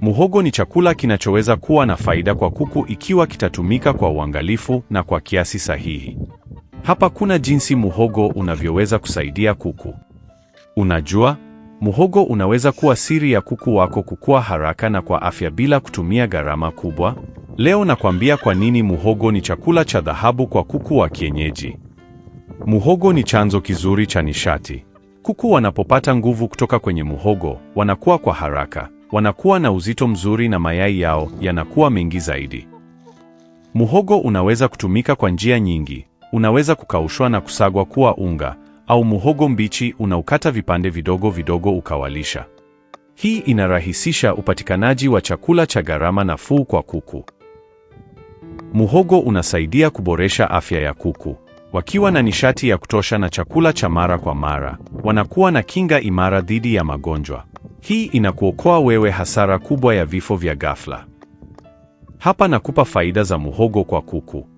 Muhogo ni chakula kinachoweza kuwa na faida kwa kuku ikiwa kitatumika kwa uangalifu na kwa kiasi sahihi. Hapa kuna jinsi muhogo unavyoweza kusaidia kuku. Unajua, muhogo unaweza kuwa siri ya kuku wako kukua haraka na kwa afya bila kutumia gharama kubwa. Leo nakwambia kwa nini muhogo ni chakula cha dhahabu kwa kuku wa kienyeji. Muhogo ni chanzo kizuri cha nishati. Kuku wanapopata nguvu kutoka kwenye muhogo, wanakuwa kwa haraka wanakuwa na uzito mzuri na mayai yao yanakuwa mengi zaidi. Muhogo unaweza kutumika kwa njia nyingi. Unaweza kukaushwa na kusagwa kuwa unga, au muhogo mbichi unaukata vipande vidogo vidogo ukawalisha. Hii inarahisisha upatikanaji wa chakula cha gharama nafuu kwa kuku. Muhogo unasaidia kuboresha afya ya kuku. Wakiwa na nishati ya kutosha na chakula cha mara kwa mara, wanakuwa na kinga imara dhidi ya magonjwa. Hii inakuokoa wewe hasara kubwa ya vifo vya ghafla. Hapa nakupa faida za muhogo kwa kuku.